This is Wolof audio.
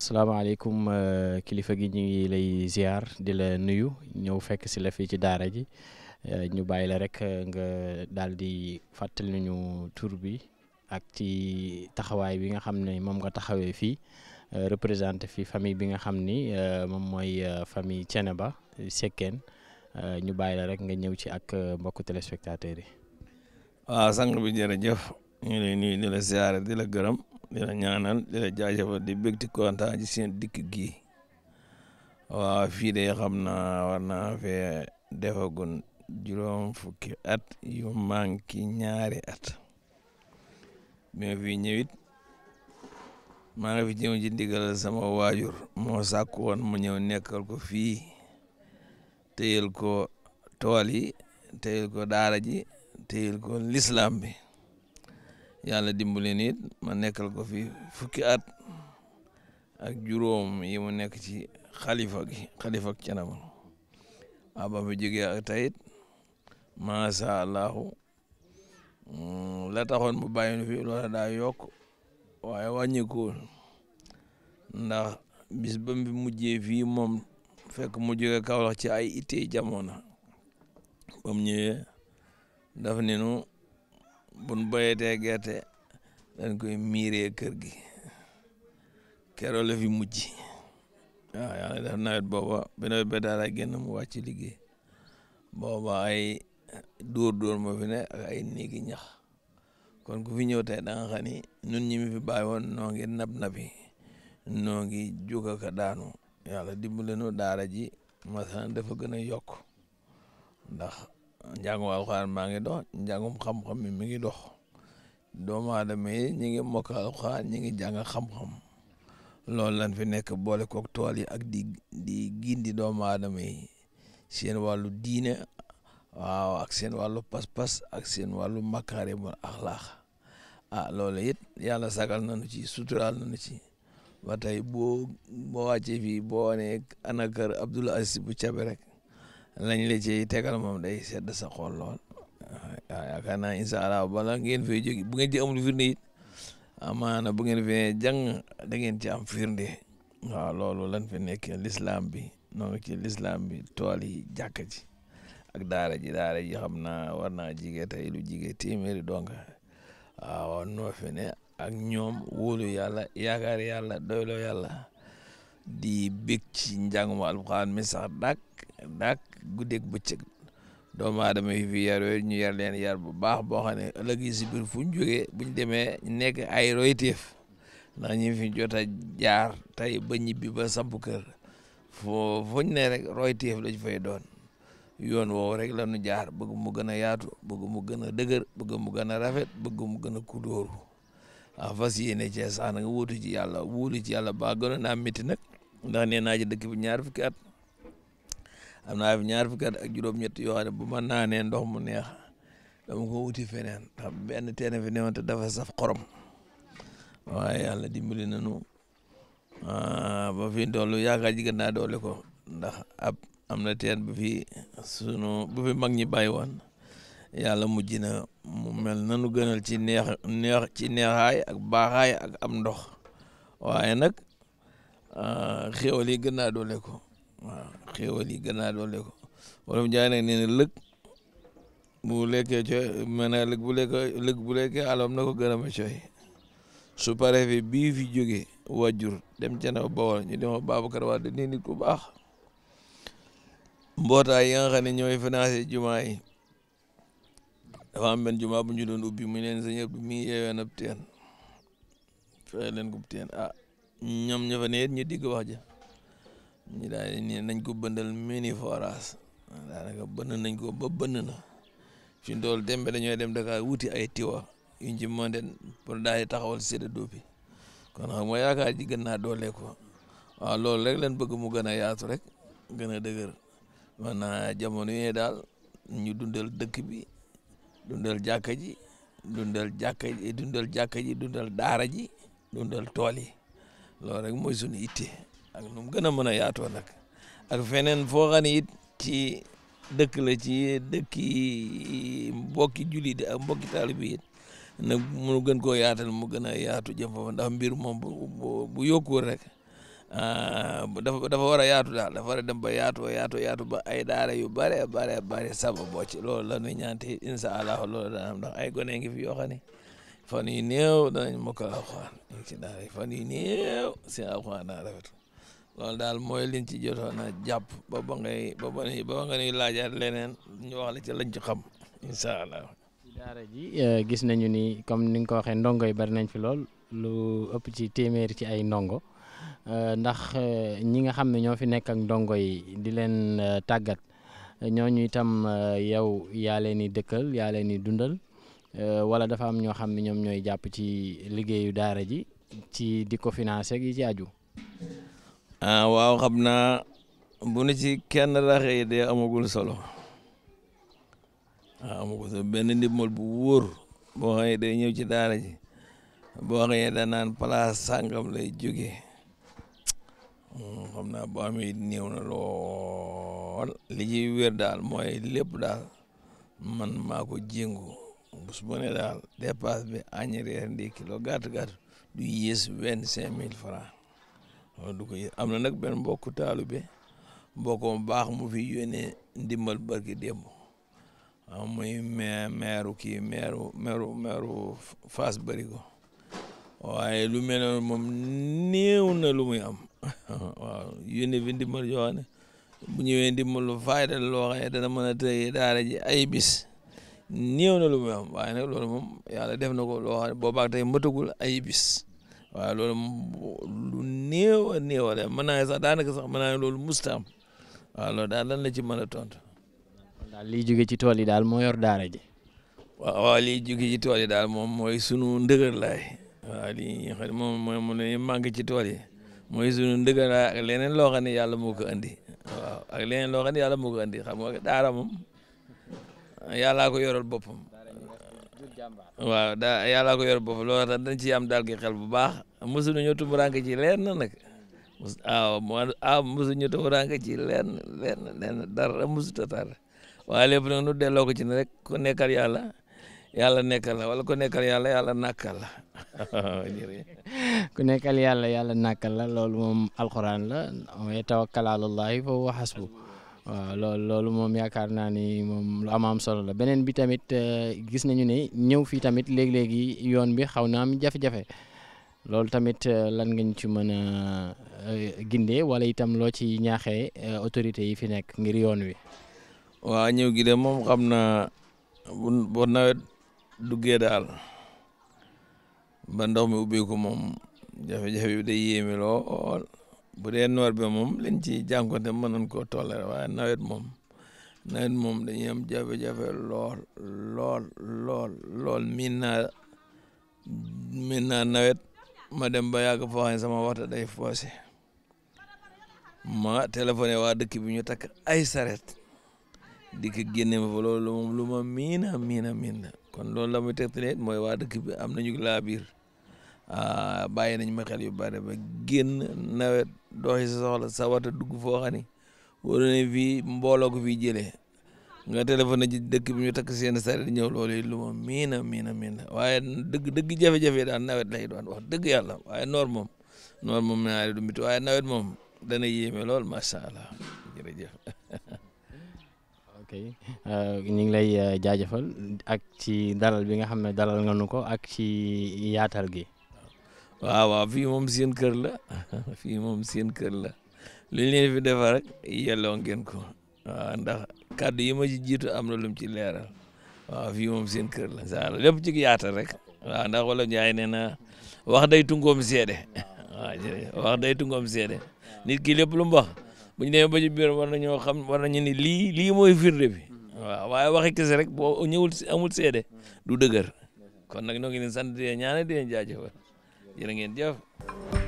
asalaamaaleykum euh, kilifa gi ñu ngi lay ziar di la nuyu ñëw fekk si la fii ci daara ji euh, ñu bàyyi la rek euh, nga daal di fàttali ñu tur bi ak ci taxawaay bi nga xam ne moom nga taxawee fii représenté fi famille bi nga xam ni moom mooy famille Thiénaba Sekkeen ñu bàyyi la rek nga ñëw ci ak mbokku téléspectateurs yi. waaw sang bi jërëjëf ñu ngi lay nuyu di la ziare di la gërëm di la di la jaajëfal di bég di kontaan seen dikk gi waaw fii de xam naa war naa fee defagun juróom fukki at yu manki ñaari at bi ma fi ñëwit maa ngi fi ñëw ci ndigal sama waajur moo sàkku woon mu ñëw nekkal ko fii téyel ko tool yi téyel ko daara ji téyel ko lislaam bi yàlla dimbale nit ma nekkal ko fi fukki at ak juróom yi mu nekk ci xalifa gi xalifa ak canama waaw ba fi jógee ak tayit macha allahu mm, la taxoon mu bàyyi fi loola daa yokk waaye wàññikuwul ndax bis ba mu mujjee fii moom fekk mu jógee Kaolack ci ay ittee jamono ba mu ñëwee daf ni nu buñ boyetee gerte dañ koy miiree kër gi keroo la fi mujj waaw yàlla def nawet booba bi nawet ba daal génn mu wàcc liggéey booba ay dóor dóor moo fi ne ak ay néegi ñax kon ku fi ñëw te da nga xam ni fi bàyyi woon noo ngi nab nabi noo ngi jóg ak daanu yàlla dimbale nu daara ji masalan dafa gën a yokk njàngum alxuraan maa ngi dox njàngum xam-xam mi mi ngi dox doomu aadama yi ñi ngi mokk alxuraan ñi ngi jàng xam loolu lan fi nekk boole kook tool yi ak di di gindi doomu aadama yi seen wàllu diine waaw ak seen wàllu pas-pas ak seen wàllu makaarimul axlaax ah loolu it yàlla sagal nañu ci suturaal nañu ci ba tey boo boo wàccee fii boo nee ana kër Abdoul Aziz bu cabe rek lañ la ciy moom day sedd sa xol lool waaw yaakaar naa incha allah bala ngeen fee jóge bu ngeen ci amul firnde it amaana bu ngeen fee dangeen ci am firnde waaw loolu lan fi nekk lislaam bi noonu ci bi tool yi jàkk ji ak daara ji daara ji xam naa war naa jigee tey donk jigee téeméeri donc ak ñoom wóolu yàlla yaakaar yàlla doyloo yàlla di bég ci njànguma alxuraan mi sax dàkk naag guddeeg bëccëg doomu aadama yi fi yar yooyu ñu yar leen yar bu baax boo xam ne ëllëg yi si biir fu ñu jógee buñ demee nekk ay royteef ndax ñi fi jot a jaar tey ba ñibbi ba samp kër foo fuñ ne rek royteef lañ fay doon yoon woowu rek la ñu jaar bëgg mu gën a yaatu bëgg mu gën a dëgër bëgg mu gën a rafet bëgg mu gën a kudóoru ah fas yéene sax na nga ci yàlla wóolu ci yàlla baa gën a naa métti nag ndax nee naa ci dëkk am na fi ñaar fukki at ak juróom-ñett yoo xam ne bu ma naanee ndox mu neex dama ko wuti feneen ndax benn teen fi newoon te dafa saf xorom waaye yàlla dimbali nañu ah, ba fi dollu yaakaar ji gën naa doole ko ndax ab am na teen bu fi mag ñi bàyyi woon yàlla mujj na mu mel nanu gënal ci neex ci neexaay ak baaxaay ak am ndox waaye nag ah, xéwal gën naa doole ko waaw xéewal yi gën a doole ko wala mu jaay nag nee na lëg bu lekkee cooy bu lekkee lëg bu lekkee alam na ko gën a ma cooy su fi bii fi jógee wàjjur dem ca na bawol ñu dem Babacar Wade nii nit ku baax mbootaay yi nga xam ne ñooy financé jumaa yi dafa am jumaa bu ñu doon ubbi mu leen sëñ bi mi ngi yeewee ab teen fexe ko teen ah ñoom ña fa ne ñu digg wax ja ñu daal di nañ ko bëndal mini forage daanaka bënn nañ ko ba bënn na fi mu toll tembe dañooy dem Dakar wuti ay tiwa yuñ ci mën den pour daal di taxawal Séddo kon xam nga yaakaar ji gën naa doole ko waaw loolu rek lañ bëgg mu gën a yaatu rek gën a dëgër man jamono yee daal ñu dundal dëkk bi dundal jàkka ji dundal jàkka dundal jàkka ji dundal daara ji tool yi loolu rek mooy suñu ak nu mu gën a mën a yaatoo nag ak feneen foo xam ne ci dëkk la ci dëkki mbokki jullit ak mbokki taalibe it nag mu gën koo yaatal mu gën a yaatu jëm fa ndax mbir moom bu bu yokkuwul rek ah, dafa dafa war a yaatu daal dafa war dem ba yaatu yaatu ba ay daara yu bare bare bare sababoo ci loolu la ñuy ñaan te incha allah loolu daan am ay gone fi yoo fan yu néew danañ mokkal alxuraan fan yu néew si alxuraan loolu daal mooy liñ ci jotoon a jàpp ba ba nga ñuy laajaat leneen ñu wax la ci lañ ci xam incha allah. daara ji eh, gis nañu ni comme ni nga ko waxee ndongo yi bari nañ fi lool lu ëpp ci téeméeri ci ay ndongo eh, ndax eh, ñi nga xam ne ñoo fi nekk ak ndongo yi di leen tàggat ñu itam yow yaa leen dëkkal yaa leen dundal wala dafa am ñoo xam ne ñoom ñooy jàpp ci liggéeyu daara ji ci di ko financer gi ci aju. ah waaw xam naa bu nu ci kenn raxee de amagul solo waaw ah, amagul solo benn ndimbal bu wóor boo xam ne day ñëw ci daara ji boo xam ne danaan place sàngam lay jóge hmm, xam naa boo amee néew na lool li ci wér daal mooy lépp daal man maa ko jéngu bés bu ne daal dépasse bi añ reer ndékki loo gàtt gàtt du yées vingt cinq mille francs du ko am na nag benn mbokku taalube mbokkoom baax mu fi yónnee ndimbal barki démb ah meeru kii meeru meeru meeru Fass waaye lu mel moom néew na lu muy am waaw yónnee fi ndimbal yoo xam ne bu ñëwee ndimbal lu fayda loo xam ne daara ji ay bis na lu am waaye nag loolu moom yàlla def na ko loo xam ne boobaag matagul ay waaw loolu lu néew a néew a mën naa sax daanaka sax mën naa loolu musta am loolu daal lan la ci mën a tontu. kon daal liy jóge ci tool yi daal moo yor daara ji. waaw waaw liy jóge ci tool yi daal moom mooy sunu ndëgër laay waaw lii xam ne moom mooy mu ne manqué ci tool yi mooy sunu ndëgër ak leneen loo xam ne yàlla moo ko andi waaw loo xam ne yàlla moo ko andi daara moom yàllaa ko yoral boppam. waaw daa yàllaa ko yor boobu loolu tax dañ ciy am daal gi xel bu baax mosu ñu tumuraanke ci leen nag waaw ah mosu ñu tumuraanke ci leen leen leen dara mosut a tar waaye lépp nag nu delloo ko ci ne rek ku nekkal yàlla yàlla nekkal la wala ku nekkal yàlla yàlla nàkkal la ku nekkal yàlla yàlla nàkkal la la wa hasbu waaw loolu loolu moom yaakaar naa ni moom lu am am solo la beneen bi tamit euh, gis nañu ne ñëw fii tamit léegi-léegi yoon bi xaw naa am jafe-jafe loolu tamit euh, lan nga ñu ci mën a euh, gindee wala itam loo ci ñaaxee autorité yi fi nekk ngir yoon wi. waa ñëw gi de moom xam naa bu bu nawet duggee daal ba ndox mi ubbeeku moom jafe-jafe bi day yéeme lool. bu dee noor bi moom liñ ci jànkonte mënoon koo tollale waaye nawet moom nawet moom dañuy am jafe-jafe lool lool lool lool miin naa miin naa nawet ma dem ba yàgg foo xam sama waxta day foose ma téléphoné waa dëkk bi ñu takk ay saret di ko génne ma fa loolu moom lu ma miina miina miin na kon loolu la muy tegtalee mooy waa dëkk bi am nañu laa biir Ah, bàyyi nañ ma xel yu bari ba génn nawet doxi sa soxla sa wata dugg foo xam ne wala ne fii mbooloo ko fii jëlee nga téléphone ci dëkk bi ñu takk seen saret ñëw loolu lu ma miina miina miina waaye dëgg dëgg jafe-jafe daal nawet lay doon wax dëgg yàlla waaye noor moom noor moom naa du mit waaye nawet moom dana yéeme lool macha allah jërëjëf. ok euh, ñu ngi lay euh, jaajëfal ak ci dalal bi nga xam ne dalal nga nu ko ak ci yaatal gi. waaw waaw fii moom seen kër la moom seen kër la lu ñu leen fi defar rek yelloo ngeen ko waaw ndax kàddu yi ma jiitu am na lum ci leeral waaw moom seen kër la saala lépp ci yaatal rek waaw ndax wala njaay nee na wax day tungoom seede wax day tungoom seede nit ki lépp lu mu wax bu ñu demee ba ci biir war xam war nañu ni lii lii mooy firnde bi waaw waaye waxi kese rek boo ñëwul amul seede du dëgër kon nag ñoo ngi leen sant di leen ñaanal di jërë ngeen jëf